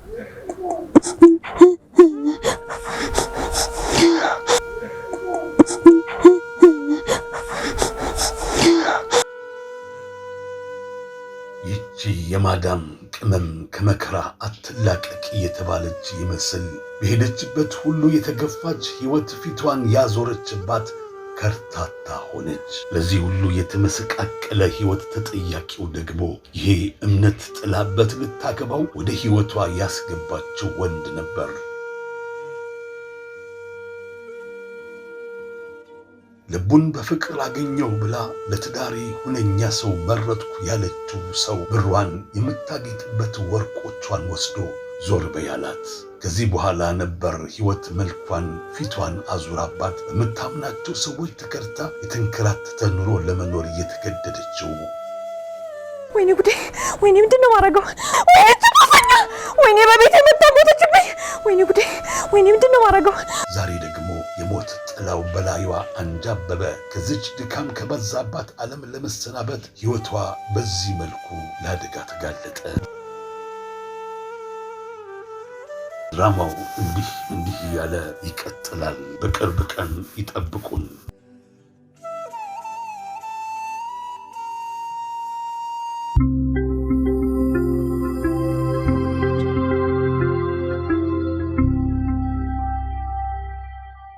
ይቺ የማዳም ቅመም ከመከራ አትላቀቅ እየተባለች ይመስል በሄደችበት ሁሉ የተገፋች ሕይወት ፊቷን ያዞረችባት ከርታታ ሆነች። ለዚህ ሁሉ የተመሰቃቀለ ሕይወት ተጠያቂው ደግሞ ይሄ እምነት ጥላበት ልታገባው ወደ ሕይወቷ ያስገባችው ወንድ ነበር። ልቡን በፍቅር አገኘው ብላ ለትዳሬ ሁነኛ ሰው መረጥኩ ያለችው ሰው ብሯን የምታጌጥበት ወርቆቿን ወስዶ ዞር በያላት። ከዚህ በኋላ ነበር ሕይወት መልኳን ፊቷን አዙራባት በምታምናቸው ሰዎች ተከርታ የተንከራተተ ኑሮ ለመኖር እየተገደደችው። ወይኔ ጉዴ! ወይኔ ምንድን ነው ማድረገው? ወይኔ በቤት የመጣ ወይኔ ጉዴ! ወይኔ ምንድን ነው ማድረገው? ዛሬ ደግሞ የሞት ጥላው በላይዋ አንጃበበ። ከዚች ድካም ከበዛባት ዓለም ለመሰናበት ሕይወቷ በዚህ መልኩ ለአደጋ ተጋለጠ። ድራማው እንዲህ እንዲህ እያለ ይቀጥላል። በቅርብ ቀን ይጠብቁን።